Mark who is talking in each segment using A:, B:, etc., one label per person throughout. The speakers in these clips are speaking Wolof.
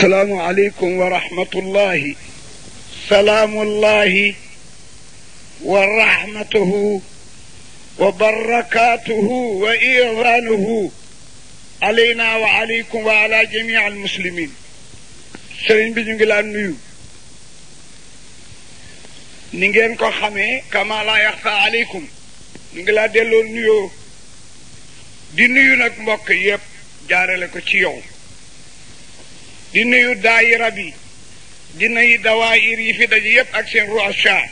A: salaamu aleykum wa rahmatullahi salaamullahi wa rahmatuhu wa barakaatuhu wa iraanuhu aleyna wa aleykum wa ala jamii al muslimin sëriñ bi ñu ngi laa nuyu ni ngeen ko xamee kama la yaxfa aleykum ñu ngi laa delloo nuyoo di nuyu nag mbokk yépp jaarale ko ci yow di nuyu daayira bi di nuyu dawaayir yi fi daje yépp ak seen rocha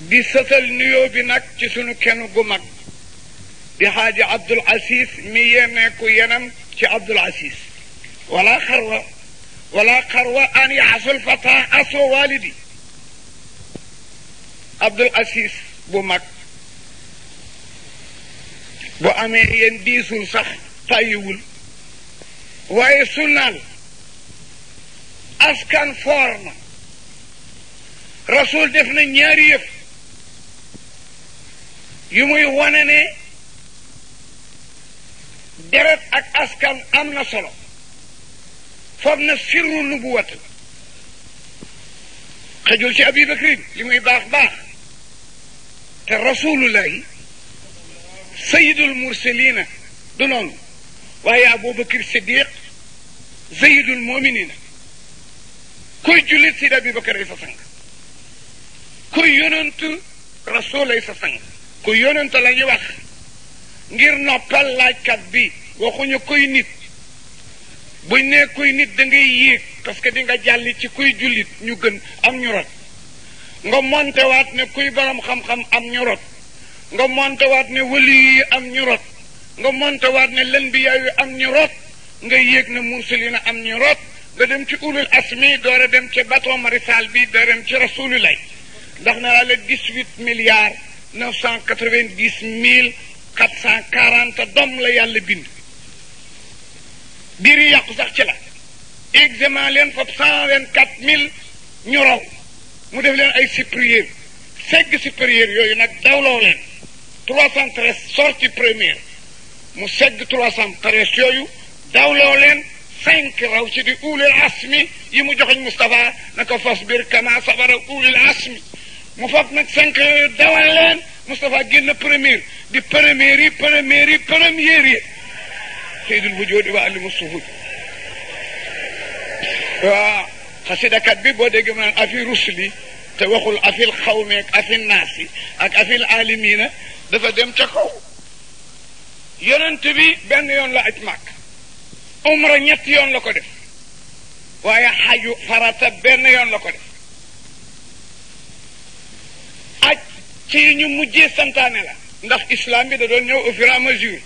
A: di sësal nuyoo bi nag ci sunu kenn gu mag di xaaji abdul asis mi yemeeku yenam ci abdul asis wala xarwa wala xarwa an yaxasul fata aso walidi abdul asis bu mag bu amee yéen diisul sax tàyyiwul waaye sunnaal askan foor na rasul def na ñaari yëf yu muy wane ne deret ak askan am na solo fab na sirru nubuwat la xëjul ci abi bakrin li muy baax baax te rasulullahi sayidul mursalina du noonu waaye abubakar siddiq sayidul muminina kuy jullit Seydi Abubakar ay sa sang kuy yonantu rasul ay sa sang kuy yonantu la wax ngir noppal laajkat bi waxuñu kuy nit buñ ne kuy nit da ngay yéeg parce que di nga jàll ci kuy jullit ñu gën am ñu rot nga montewaat ne kuy borom xam-xam am ñu rot nga montewaat ne wëli yi am ñu rot nga montewaat ne lën am ñu rot nga yéeg ne mursalina am ñu root nga dem ci ulul asmi door a dem ci bateau marisal bi door dem ci rasululay ndax ne la dix-huit milliards neuf cent quatre-vingt-dix mille quatre cent quarante doom la yàlla bind biir yi yàqu sax ci la examen leen fop cent vingt-quatre mille ñu raw mu def leen ay supérieur segg supérieur yooyu nag dawloo leen trois cent treize sortie première mu segg trois cent treize yooyu
B: داولو لين
A: سانك راو سي دي اولي العصمي يمو جوخ مصطفى نكو فاصبر كما صبر اولي العصمي مو فاب نك سانك داوال لين مصطفى جن بريمير دي بريميري بريميري بريميري سيد الوجود وعلم الصفوف قصيدة كتبي بودي جمال أفي رسلي تواخل أفي القوم أفي الناس أك أفي العالمين دفا دم تقو يرنتبي بأن يون لا إتماك umra ñetti yoon la ko def waaye xaju farata benn yoon la ko def aj ci ñu mujjee santaane la ndax islam bi da doon ñëw au fur et à mesure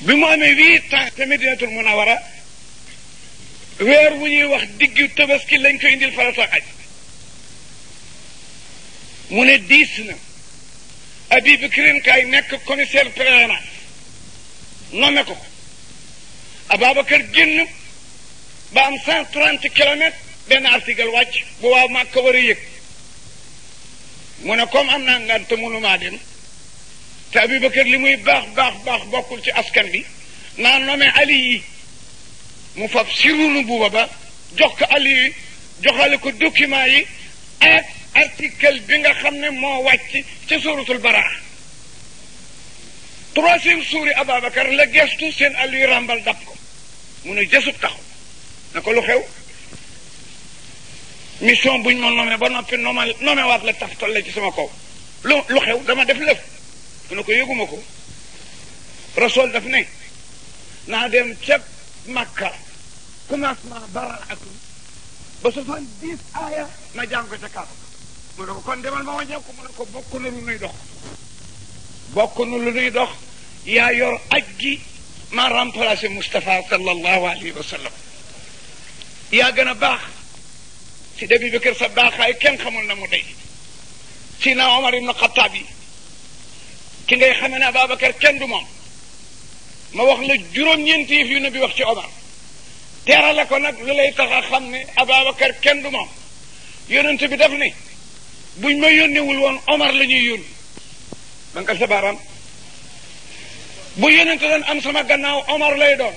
A: bi mu amee huit ans te medinatul munawara weer bu ñuy wax diggu tabaski lañ koy indil farata aj mu ne diis na abi bikrin kaay nekk commissaire plénal nome ko ko Ababacar génn ba am cent trente kilomètres benn article wàcc bu waaw maa ko war a yëg mu ne comme am naa ngan te mënumaa dem te Abubakar li muy baax baax baax bokkul ci askan bi naa nommé Ali yi mu fab sirunu buuba ba jox ko Ali yi joxale ko document yi ak article bi nga xam ne moo wàcc ca suratul baraa troisième suuri Ababacar la gestu sen àll yu ràmbal dab ko mu ne jësub taxaw na lu xew mission buñ ma nomé ba noppi nomal nomé wat la taf tolle ci sama kaw lu xew dama def lëf mu ne ko yëguma ko rasool daf ne na dem ca Makka kumas ma baral akum ba soixante-dix aaya ma jàng ko ca kaaba ko kon demal ma wàññeeku mu ne ko bokk na lu dox بكون لني دخ يا يور أجي ما رام فلاس مصطفى صلى الله عليه وسلم يا جنا باخ سيد أبي بكر صباح خاي كم خمول نمودي سينا عمر بن الخطاب كن جاي خمنا أبا بكر كن دمام ما وقت لجرون ينتهي في نبي وقت عمر ترى لك أنك للي تخخمني أبا بكر كن دمام ينتهي بدفني بوي ولون عمر لني ينوي bankal sa baaraam bu yonente doon am sama gannaaw Omar lay doon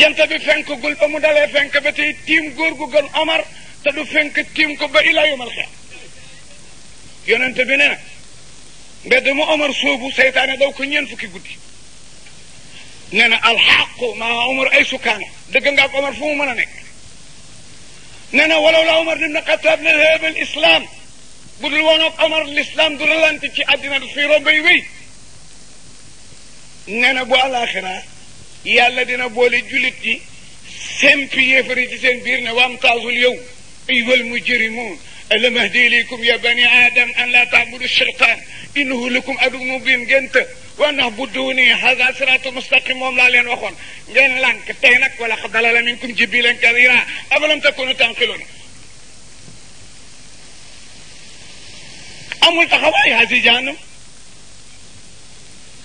A: janta bi fenk gul ba mu dalee fenk ba tey tiim góor gu gën Omar te du fenk tiim ko ba ilaa yomal xeex yonente bi ne mbedd mu Omar soobu seytaane daw ko ñeent fukki guddi nee na alxaqu maa Omar ay sukkaana dëgg nga Omar fu mu mën a nekk ننا ولو لا عمر نمنا قتلنا الهيب الإسلام بدل وانو قمر الإسلام دول الله انت تي عدنا تصيرو بيوي ننا بو الاخرة يا الذين بولي جلتي سمبي يفري تسين بيرنا وامتازو اليوم ايوه المجرمون ألم أهدي لكم يا بني آدم أن لا تعبدوا الشيطان إنه لكم أدو مبين جنت وأنه بدوني هذا صراط مستقيم وهم لا لين وخون جن لان كتينك ولا ضلل منكم جبيلا كثيرا أفلم تكونوا تنقلون أمول تخواي هذه جهنم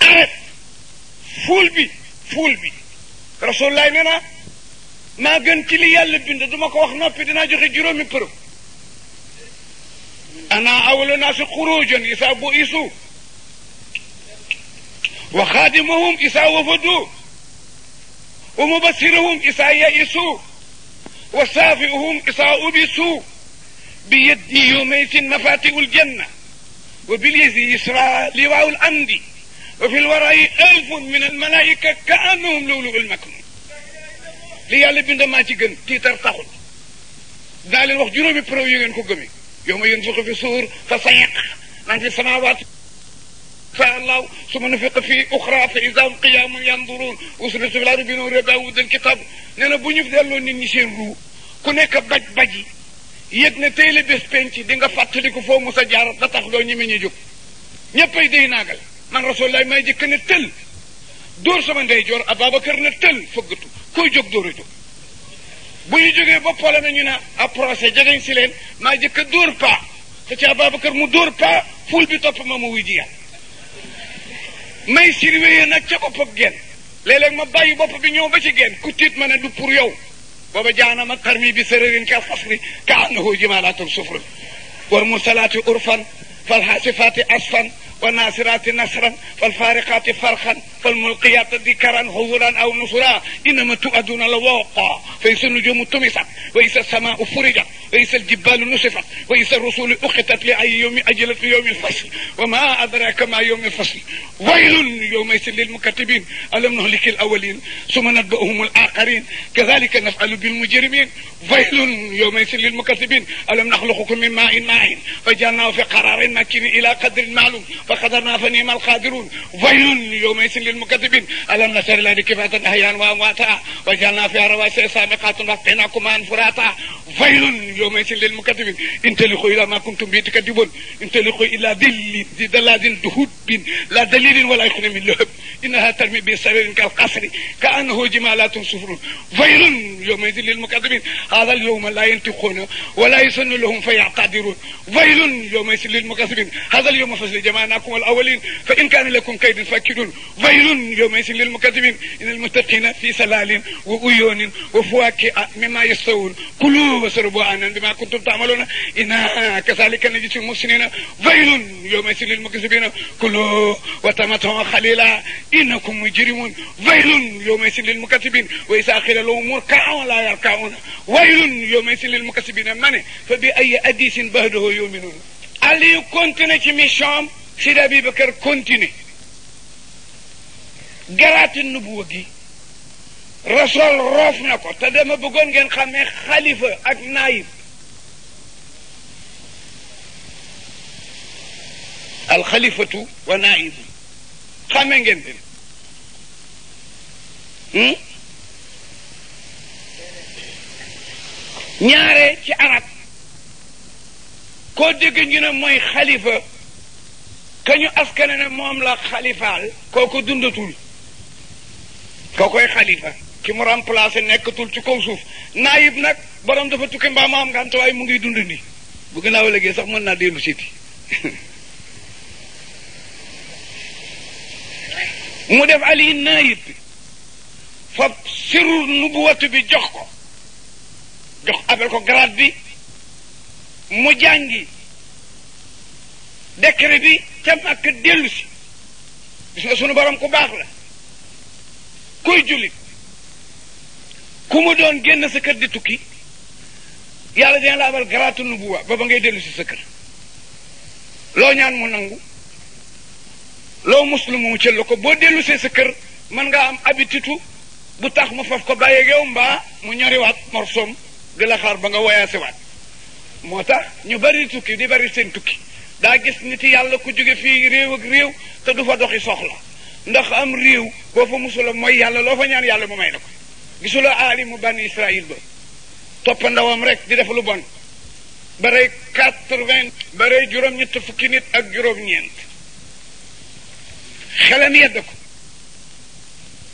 A: أعرف فول بي فول بي رسول الله ننا ما جنت لي يلي بند دمك وخنا بدنا جري جرو من برو أنا أول الناس خروجا يساب بؤسوا وخادمهم إذا وفدوا ومبصرهم إذا يئسوا وسافئهم إذا أبسوا بيدي يومئذ مفاتيح الجنة وباليد يسرى لواء الأمد وفي الوراء ألف من الملائكة كأنهم لولو المكنون ليالي yàlla bind maa ci gën الوقت جنوبي daa leen wax يوم ينفق في سور فصيق من في السماوات فالله ثم نفق في أخرى فإذا هم قيام ينظرون وسنس في العربي نور داود الكتاب نانا بني في ذلو نيني سين رو كونيك بج بجي يدن تيلي بس بينتي دينغا فاتلي كفو مسجار تتخلو نيمي نيجو نيبي دي ناغل من رسول الله ما يجي كنتل دور سمان دي جور أبا بكر نتل فقطو كوي جوك دوري جوك bu ñu jógee ba pole na ñu ne approché jegeñ si leen maa jëkk a dóor paa te ci Ababacar mu dóor paa ful bi topp ma mu wuy ji yàlla may sirwéyee nag ca boppam genn léeg-léeg ma bàyyi bopp bi ñëw ba ci genn ku tiit ma ne du pour yow booba jaanama xarmi bi sërërin kal xasri ka annahu jimaalaatun sufrun war mursalaati urfan falxaasifaati asfan والناصرات نصرا والفارقات فرقا فالملقيات ذكرا هورا او نصرا انما تؤدون لواقع فليس النجوم طمست وليس السماء فرجت وليس الجبال نصفت وليس الرسول اختت لاي يوم اجلت يوم الفصل وما ادراك ما يوم الفصل ويل يومئذ للمكتبين الم نهلك الاولين ثم نبئهم الاخرين كذلك نفعل بالمجرمين ويل يومئذ للمكتبين الم نخلقكم من ماء ماء فجعلناه في قرار مكين الى قدر معلوم فقدرنا فنيم القادرون ويل يومئذ للمكذبين ألم نشر الأرض كفاة أحيان وأمواتا وجعلنا فيها رواسي سامقات وسقيناكم ماء فراتا ويل يومئذ للمكذبين إن تلقوا إلى ما كنتم به تكذبون إن تلقوا إلى ذل ذل ضلال دهب لا دليل ولا يخن من لهب إنها ترمي بسبب كالقصر كأنه جمالات سفر ويل يومئذ للمكذبين هذا اليوم لا ينطقون ولا يسن لهم فيعتذرون ويل يومئذ للمكذبين هذا اليوم فصل جمعنا معكم الأولين فإن كان لكم كيد فاكدون ويل يومئذ للمكذبين إن المتقين في سلال وعيون وفواكه مما يستوون كلوا واشربوا عنا بما كنتم تعملون إنا كذلك نجد المحسنين ويل يومئذ للمكذبين كلوا وتمتعوا خليلا إنكم مجرمون ويل يومئذ للمكذبين وإذا قيل لهم اركعوا لا يركعون ويل يومئذ للمكذبين من فبأي أديس بهده يؤمنون Aliyu continué ci mission سيدي ابي بكر كونتيني جرات النبوه دي رسول روف نكو تا دما بوغون ген خامي خليفه اك نايف الخليفه ونائب خامي ген دي نياري تي عرب كو ديغ ني موي خليفه كانوا أسكننا مام لا خليفة كوكو دندو تول كوكو خليفة كم رام بلاس نك تول تكو سوف نائب نك برام دفع تكيم با مام كان تواي مغي دندني بكنا ولا جيسا من نادي لسيتي مدف علي نائب فسر النبوة بجحكو جح أبلكو غراد بي مجانجي دكري بي itam ak dellu si gis nga sunu borom ku baax la kuy julit ku mu doon génn sa kër di tukki yàlla dina la abal garaatu nubuwa ba ba ngay dellu si sa kër loo ñaan mu nangu loo muslim mu cëll ko boo dellu see sa kër man nga am habitude bu tax mu faf ko bàyyeeg yow mbaa mu ñoriwaat morsoom xaar ba nga moo tax ñu bari tukki di bari seen tukki daa gis nit yàlla ku jóge fii réew ak réew te du fa doxi soxla ndax am réew boo fa musula mooy yàlla loo fa ñaan yàlla mu may na ko gisula aalimu bani israil ba toppandawam rek di def lu bon ba rey quatre-vingt ba rey juróom-ñett fukki nit ak juróom-ñeent xelam yedd ko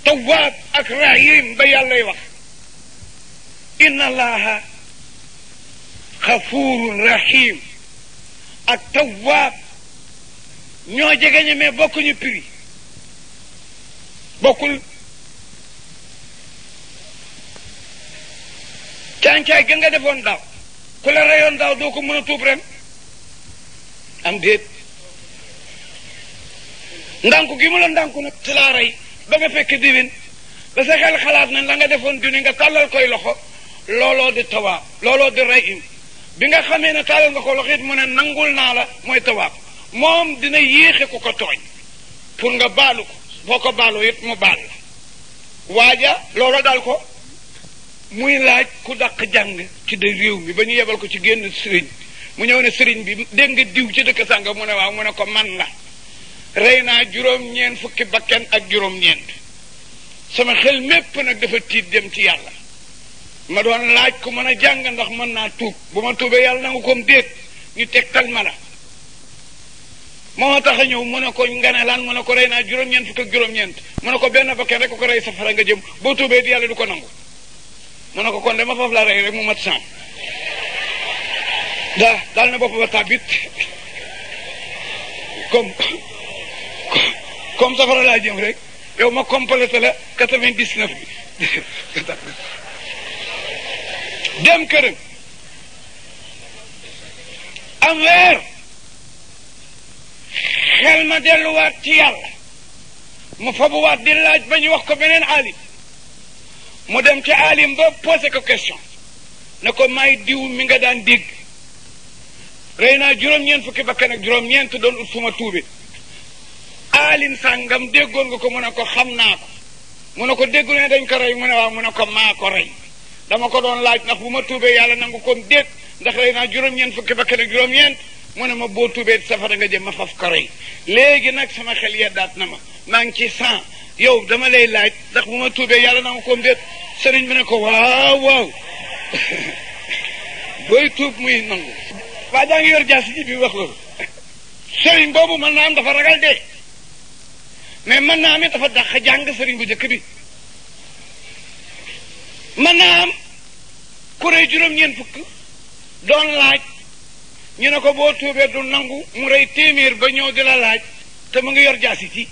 A: tawaab ak rahim ba yàllay wax inna allaha xafurun rahim ak tawaab ñoo jegeñe mais bokkuñu prix bokkul càncaay ga nga defoon daaw ku la reyoon daaw doo ko mën a tuub ren am déet ndànku gi mu la ndànku nag ci laa ba nga fekk diwin ba sa xel xalaat na la nga defoon duni nga tàllal koy loxo looloo di tawaab looloo di rey im bi nga xamee ne taalal nga ko loxo it mu ne nangul naa la mooy tawaaf moom dina yéexe ko ko tooñ pour nga baalu ko boo ko baaloo it mu baal la waaja loola daal ko muy laaj ku daq jàng ki de réew mi ba ñu yebal ko ci génn sëriñ mu ñëw ne sëriñ bi dégg nga diw ci dëkk sànga mu ne waaw mu ne ko man la rey naa juróom-ñeent fukki bakken ak juróom-ñeent sama xel mépp nag dafa tiit dem ci yàlla ma doon laaj ku mën a jàng ndax mën naa tuub bu ma tuubee yàlla na nga koom déet ñu tegtal ma la moo tax a ñëw mu ne ko nga ne lan mu ne ko rey naa juróom-ñeent fukk ak juróom-ñeent mu ne ko benn bakken rek ko rey safara nga jëm boo tuubee di yàlla du ko nangu mu ne ko kon ma foofu la rey rek mu mat saam da daal na bopp ba tàbbit comme safara laa jëm rek yow ma complété la quatre vingt bi dem këram am weer xel ma delluwaat ci yàlla mu fabuwaat di laaj ba ñu wax ko beneen aalim mu dem ci aalim ba posé ko question ne ko may diw mi nga daan dégg rey naa juróom-ñeent fukki bakkan ak juróom-ñeent doon ut fu ma tuube aalim sàngam déggoon nga ko mu ne ko xam naa ko mu ne ko déggu ne dañ ko rey mu ne waaw mu ne ko maa ko rey dama ko doon laaj ndax bu ma tuubee yàlla nangu ko déet ndax rey naa juróom-ñeent fukki bakkan ak juróom-ñeent mu ne ma boo tuubee safara nga jëm ma faf ko rey léegi nag sama xel yeddaat na ma maa ngi ci sant yow dama lay laaj ndax bu ma tuubee yàlla nangu ko déet sëriñ bi ne ko waaw waaw booy tuub muy nangu waa jaa ngi yor jaas ji bi wax loolu sëriñ boobu mën naa am dafa ragal de mais mën naa am dafa dàq jàng sëriñ bu njëkk bi mën naa am ku rëy juróom-ñeent fukk doon laaj ñu ne ko boo tuubee du nangu mu rëy téeméer ba ñëw di la laaj te mu ngi yor jaasi ci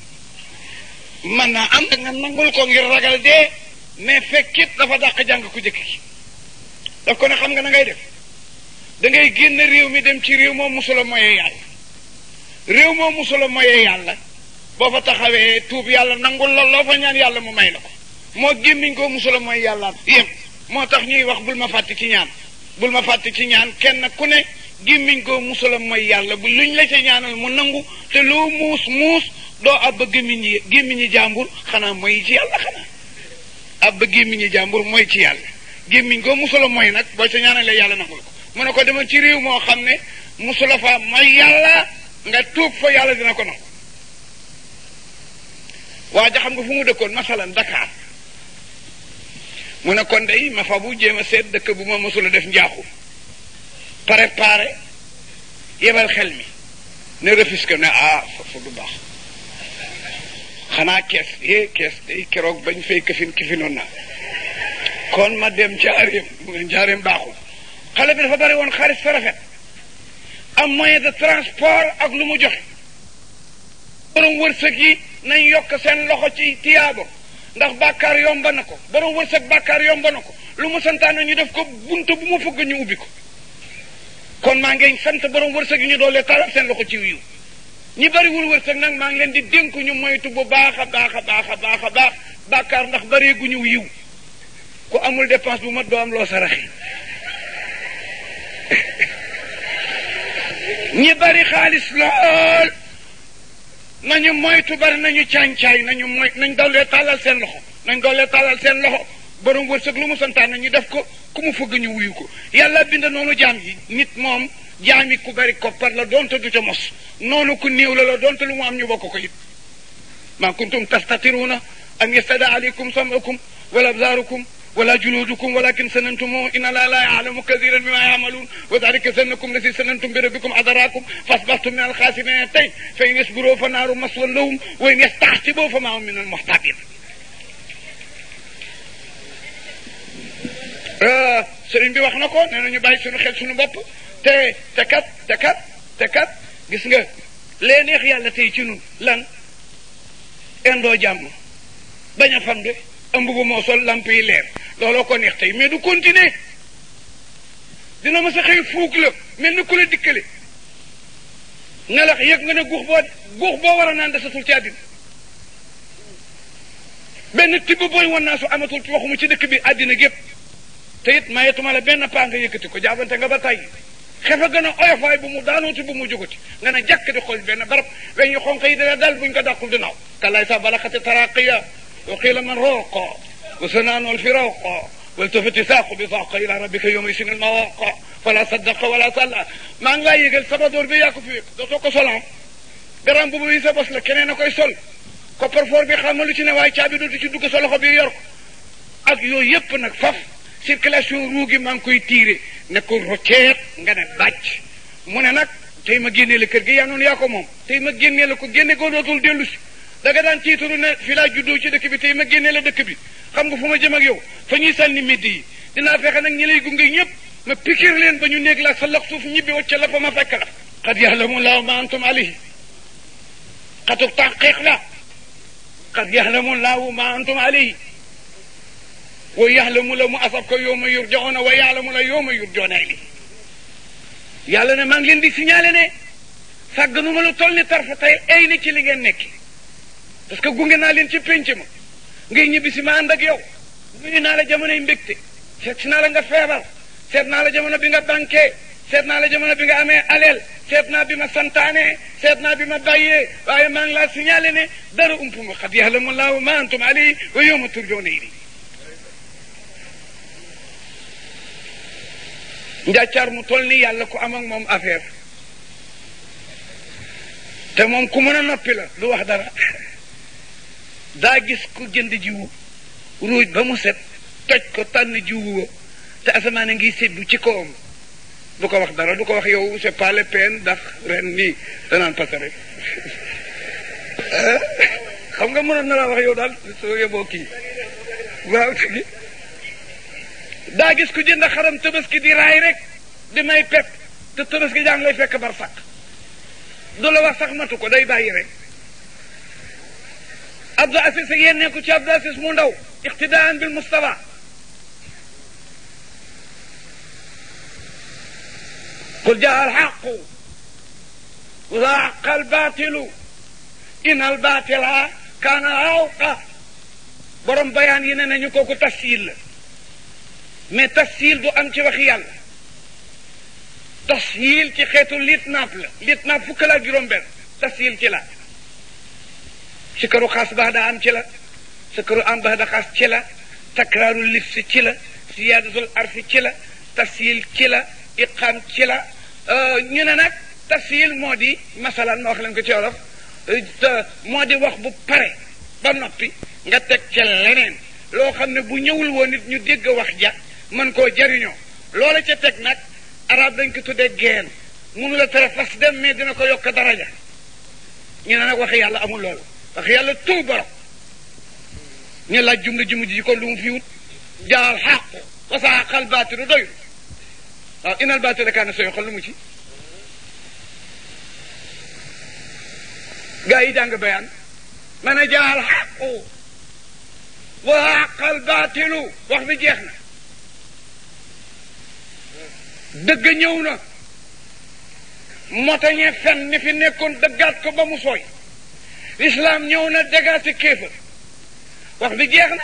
A: mën naa am da nga nangul ko ngir ragal dee mais fekkit dafa dàq jàng ku jëkk ki daf ko ne xam nga na ngay def da génn réew mi dem ci réew moom musula moye yàlla réew moom musula moye yàlla boo fa taxawee tuub yàlla nangul la loo fa ñaan yàlla mu may la ko moo gémmiñ koo musula mooy yàlla yem moo tax ñuy wax bul ma fàtte ci ñaan bul ma fàtte ci ñaan kenn ku ne gémmiñ koo musula mooy yàlla bu luñ la ca ñaanal mu nangu te loo muus muus doo abba gémmiñ yi gémmiñi jàmbur xanaa mooy ci yàlla xanaa abba gémmiñi jàmbur mooy ci yàlla gémmiñ koo musula mooy nag boo ca ñaanalee yàlla nangul ko mu ne ko demal ci réew moo xam ne musula fa mooy yàlla nga tuub fa yàlla dina ko nangu waa ja xam nga fu mu dëkkoon masalan mu ne kon day ma fa bu a seet dëkk bu ma mosula def njaaxu préparé yebal xel mi ne Rufisque ne ah foofu du baax xanaa kees yé kees day keroog bañ fay këfin këfinoon naa kon ma dem jaareem mu ne jaareem baaxul xale bi dafa bari woon xaalis fa rafet am moyen de transport ak lu mu joxe borom wërsëg yi nañ yokk seen loxo ci tiyaabo ndax bàkkaar yomba na ko borom wërsëg bàkkaar yomba na ko lu mu santaane ñu def ko buntu bu mu fëgg ñu ubbi ko kon maa ngi sant borom wërsëg yi ñu doole talal seen loxo ci wiiw ñi bariwul wërsëg nag maa ngi leen di dénku ñu moytu bu baax a baax a baax a baax a baax bàkkaar ndax bareegu ñu yiw ku amul dépense bu mat doo am loo saraxe ñi bari xaalis lool nañu moytu bari nañu càncaay nañu moy nañ doolee tàllal sen loxo nañ doolee tàllal sen loxo borom wërsëg lu mu santaane ñu def ko ku mu fëgg ñu wuyu ko yàlla bind nonu jam yi nit mom jam yi ku bari koppar la donte du ci mos nonu ku néew la la donte lu mu am ñu bokk ko yit ma kuntum tastatiruna an yastada alaykum samakum wala abzarukum ولا جلودكم ولكن سننتم إن الله لا يعلم كثيرا مما يعملون وذلك سنكم الذي سننتم بربكم عذراكم فأصبحتم من الخاسرين تين طيب، فإن يصبروا فنار مصر لهم وإن يستحسبوا فما هم من المحتاطين آه، سرين بي واخنا كون ko nee na ñu bàyyi suñu xel suñu تكات تكات te kat te kat te kat gis nga lee neex yàlla tey ci ëmb bu moo sol lamp yi leer looloo ko neex tey mais du continuer dina ma sa xëy fuuk la mel ni ku la dikkale nelax yëg nga ne guux boo guux boo war a naan desatul ci àddina benn tibb booy wan naa su amatul waxuma ci dëkk bi àddina gépp te it mayetuma la benn paa nga yëkkati ko jaabante nga ba tey xefe gën a oyofaay bu mu daanooti bu mu jógati nga ne jàkk di xool benn barab weñ ñu xonq yi dina dal buñ ko dàqul dinaaw kalaay sa balaxate taraqiya وقيل من روق وسنان الفروق والتفت ساق بفاق الى ربك يوم يشن المواقع فلا صدق ولا صلى ما غي قال سبا دور بياك فيك دوتوك سلام قران بو بيسا بس لك كنين اكو يسل كبر فور بي خامل لك نواي تابي دوتو تشدو كسل خبي يرق اك يو يب نك فف سير روغي مان كوي تيري نكو روتيت نغان باج مون نك تي ما генيل كيرغي يانون ياكو موم تي ما генيل كو генيكو دوتول دلوسي da nga daan tiitaru ne fi la juddoo ci dëkk bi tey ma genné la dëkk bi xam nga fuma jëm ak yow fa ñuy sànni midi dina fexe nak ñi lay gunge ñëpp ma pikir leen ba ñu néeg la sa lax suuf ñibbi wacce la fa ma fekk la qad yahlamu la ma antum alayhi qad taqiq la qad yahlamu la ma antum alayhi wa yahlamu la mu asab ko yow ma yurjauna wa yaalamu la yow ma yurjauna ilayhi yàlla ne ma ngi leen di signaler ne sagnu ma lu tolni tarfa tay ay ni ci li ngeen nekki parce que gunge naa leen ci pénc ma ngay ñibbi si ma ànd yow nuyu naa la jamonoy mbégte seet si naa la nga feebar seet naa la jamono bi nga banqué seet naa la jamono bi nga amee aleel seet naa bi ma santaane seet naa bi ma bàyyee waaye maa ngi laa signalé ne dara umpuma xad yahlamu laahu ma antum alayhi wa yawma turjoona ilayhi njàccaar mu toll ni yàlla ku am moom affaire te moom ku mën a noppi la du wax dara daa gis ku jënd jiwu ruuj ba mu set toj ko tànn jiwu wa te asamaan a ngi séddu ci kawam du ko wax dara du ko wax yow c'est pas la peine ndax ren nii danaan pase rek xam nga mënoon na laa wax yow daal soo yeboo kii daa gis ku jënd xaram tabaski di raay rek di may pepp te tabaski jaan lay fekk bar sàq du la wax sax matu ko day bàyyi rek ab assis yéen nekku ci ab assis mu ndaw iqtidaan bil mustafa قل جاء الحق وزاق الباطل إن الباطل كان عوقا borom bayaan yi ne nañu kooku tafsil la mais tafsil du am ci wax yàlla tafsil ci xeetu litnaap la litnaap fukk la juróom benn tafsil ci la si këru xaas baax da am ci la sa këru am baax da xaas ci la takraaru lif si ci la siyaadatul arfi ci la tafsil ci la iqaam ci la euh, ñu ne nag tafsil moo di masalan ma wax ko ci wolof euh, moo di wax bu pare ba noppi nga teg ca leneen loo xam ne bu ñëwul woon nit ñu dégg wax ja mën koo jariñoo loola ca teg nag arab dañ ko tuddee geen mënu la tere fas dem mais dina ko yokk daraja ñu ne nag wax yàlla amul loolu ndax yàlla tëw borom ñu laaj jum ji mujj ji kon lu mu fi wut jaal xàqu wasaaqal baatiru doyul waaw inal baatira kaana soyo xol lu mu ci gaa yi jàng bayaan ma ne jaal xàqu wasaaqal baatilu wax bi jeex na dëgg ñëw na motañe fen ni fi nekkoon dëggaat ko ba mu sooy الإسلام نيونا دقات الكفر وخبي جيغنا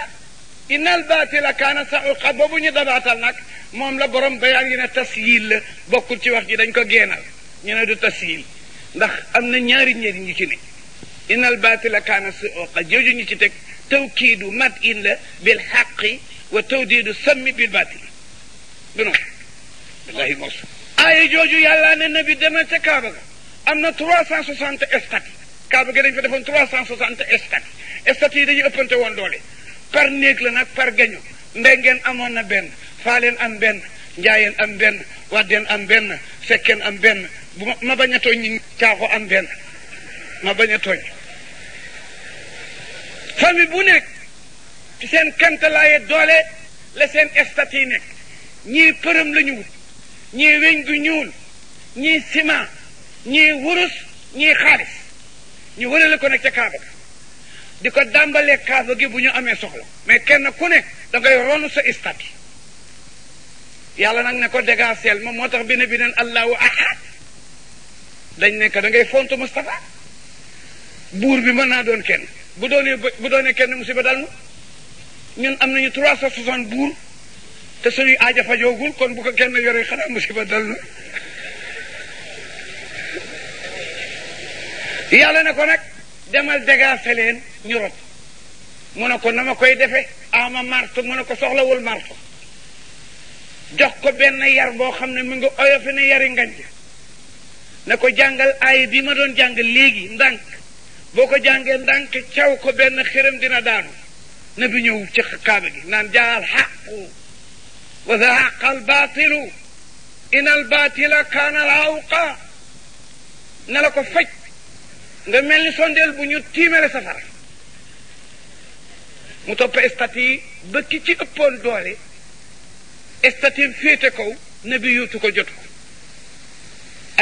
A: إن الباطل كان سعقب bu ñu dabaatal nag moom la borom bayaan yi ne tasyiil la bokkul ci wax ji dañ ko génnal ñu ne du tasyiil ndax am na ñaari ñaari ñu ci ne إن الباطل كان سعقا jooju ñu ci teg توكيد مد إن la بالحق وتوديد السم بالباطل بنو والله موصول آية جوجو يالا النبي دنا تكابغا أمنا 360 استاتي kaaba gi dañ fa defoon trois cent soixante stades stades yi dañuy ëppante woon doole par néeg la nag par gañu ndey amoon na benn faaleen am benn njaayeen am benn waddeen am benn sekkeen am benn ma ma bañ a tooñ ñi caaxo am benn ma bañ a tooñ famille bu nekk ci seen kantalaaye doole la seen stades yi nekk ñii përëm la ñu ñii weñ gu ñuul ñii ciment ñii wurus ñii xaalis ñu wërale ko nag ca kaaba ga di ko dàmbalee kaaba gi bu ñu amee soxla mais kenn ku ne da ngay ronu sa istati yàlla nag ne ko dégaseel ma moo tax bi ne bi neen allahu ahad dañ nekk da ngay font Moustapha buur bi mën naa doon kenn bu doonee bu doonee kenn musiba dal na ñun am nañu trois cent soixante buur te suñuy aaja fajoogul kon bu ko kenn yore xanaa musiba dal na yàlla ne ko nag demal dégaase leen ñu rot mu ne ko na ma koy defe ama marto mu ne ko soxlawul marto jox ko benn yar boo xam ne mu ngi oyofe ne yari nganja ne ko jàngal aay bi ma doon jàng léegi ndànk boo ko jàngee ndànk caw ko benn xërëm dina daanu na bi ñëw ci kaaba gi naan jaal xaqu wa zahaqa al batilu in al batila kaana al awqa na la ko faj nga mel ni sondeel bu ñu tiimale safara mu topp stati yi ci ëppoon doole stati féete kaw nabi yuutu ko jot ko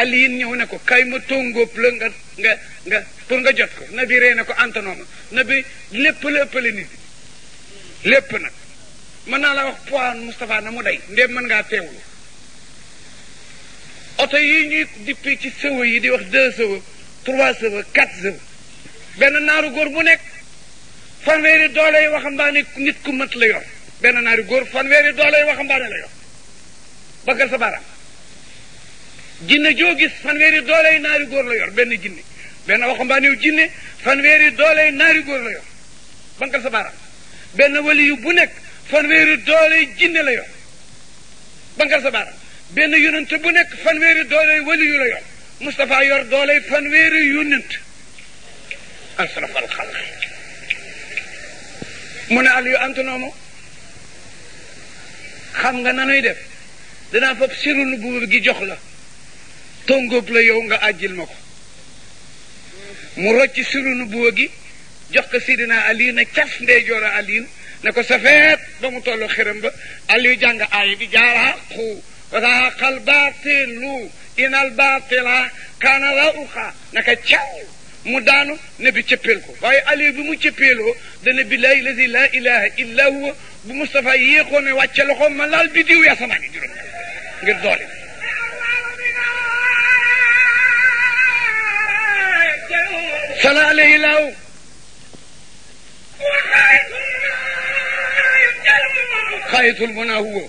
A: aliyin ñëw ne ko kay ma tóngóob la nga nga pour nga jot ko na ree ne ko antanoma nabi lépp la ëppale nit lépp nag mën naa la wax poids Moustapha na mu day ndéem mën ngaa teewlu oto yi ñuy dippi ci sëwa yi di wax deux sëwa trois chevaux quatre benn naaru góor bu nekk fanweeri doole yi waxambaane nit la yor benn naaru góor fanweeri doole yi waxambaane la yor bëggal sa baaraam jinne joo gis fanweeri doole yi naari góor la yor benn jinne benn waxambaane wu doole yi naari góor la sa baaraam benn waliyu bu nekk fanweeri doole yi jinne la yor bëggal sa baaraam benn yonent bu nekk fanweeri doole yi waliyu la yor Moustapha yor dooley fanweeri yónnent asraf al xalq mu ne Aliou antunoomo xam nga nanuy def danaa fab siru nubuwa gi jox la tongóob yow nga àjjil ma ko mu rocc siru nubuwa gi jox ko sidina Ali na ne ko safeet ba mu tollu xiram ba Aliou jàng aay bi jaaraaqu wasaaqal baatilu inal baatila kaana rauqa naka caw mu daanu ne bi cëppeel ko waaye aliou bi mu cëppeeloo dana billahi lazi la ilaha illa huwa bu Moustapha yéexoo ne wàcce loxoom ma laal bi diw asamaan yi juróom ngir doole sala alayhi laaw xayitul munaa huwa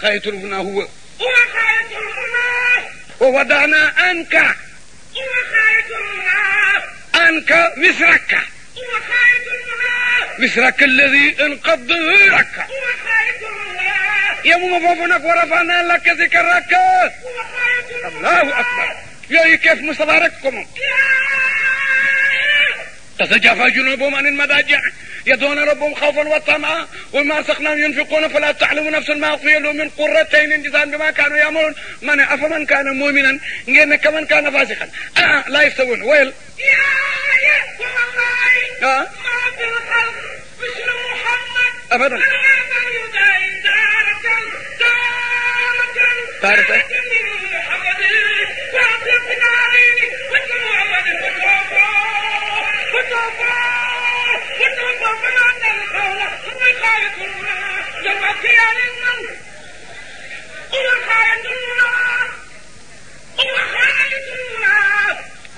A: xayitul munaa huwa
B: ووقعت النار
A: ووضعنا عنك ووقعت النار عنك الذي انقض ظهرك يا النار يوم ورفعنا لك ذكرك الله أكبر يا كيف مصدركم تتجافى جنوبهم عن المضاجع يدعون ربهم خوفا وطمعا وما رزقناهم ينفقون فلا تعلم نفس ما أخفي له من قرتين جزاء بما كانوا يعملون من أفمن كان مؤمنا غير كمن كان فاسقا آه لا يستوون ويل يا
B: يا آه. ما في الخلق مثل محمد أبدا my God.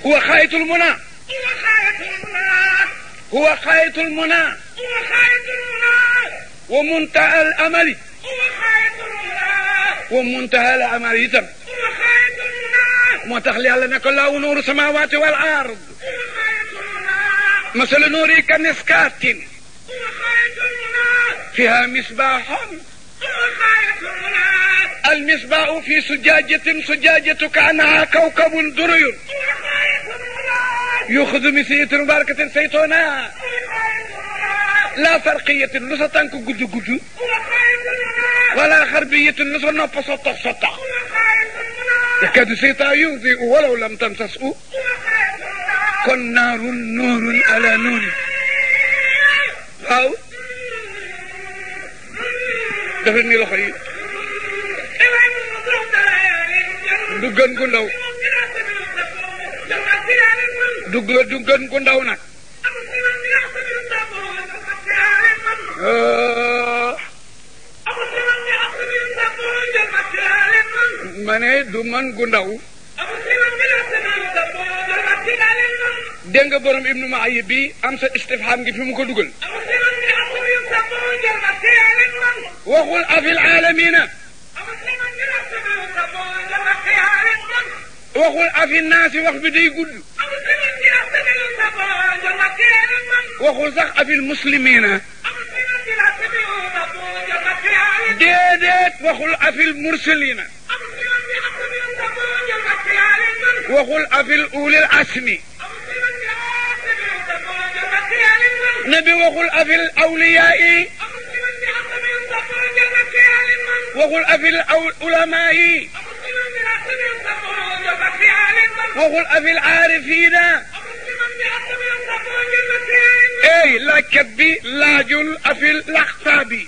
A: هو خاية المنى هو خاية المنى هو خاية المنى
B: هو خاية المنى
A: ومنتهى الأمل هو خاية المنى ومنتهى الأمل يتم هو خاية المنى وما تخلي الله نور السماوات والأرض مثل نوري كمسكاة فيها مصباح المصباح في سجاجة سجاجة كأنها كوكب دري يخذ مثية مباركة سيتونة لا فرقية لسا تنكو قد قد ولا خربية لسا نبسطة سطة يكاد سيتا ينزئ ولو لم تمسسه kon naarun nuurun ala nuuri waaw dafa ni loxo yi du gën gu ndaw du du nag ma du man gu ndaw dégg borom ibnu maayib bi am sa istifham gi fimu mu ko dugal waxul afil aalamiina waxul afil naasi wax bi day gudd waxul sax afil muslimiina déedéet waxul afil mursaliina waxul afil ulil asmi نبي وقل أفي الأولياء وقل أفي العلماء وقل أفي العارفين أي لا كبي لا جل أفي الأخطاب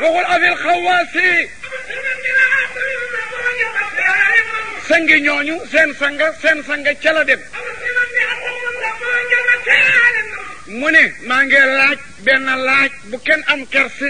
A: وقل أفي الخواص سنجي نيونيو سن سنجا سن سنجا ca la mu ne maa ngi laaj benn laaj bu kenn am kersi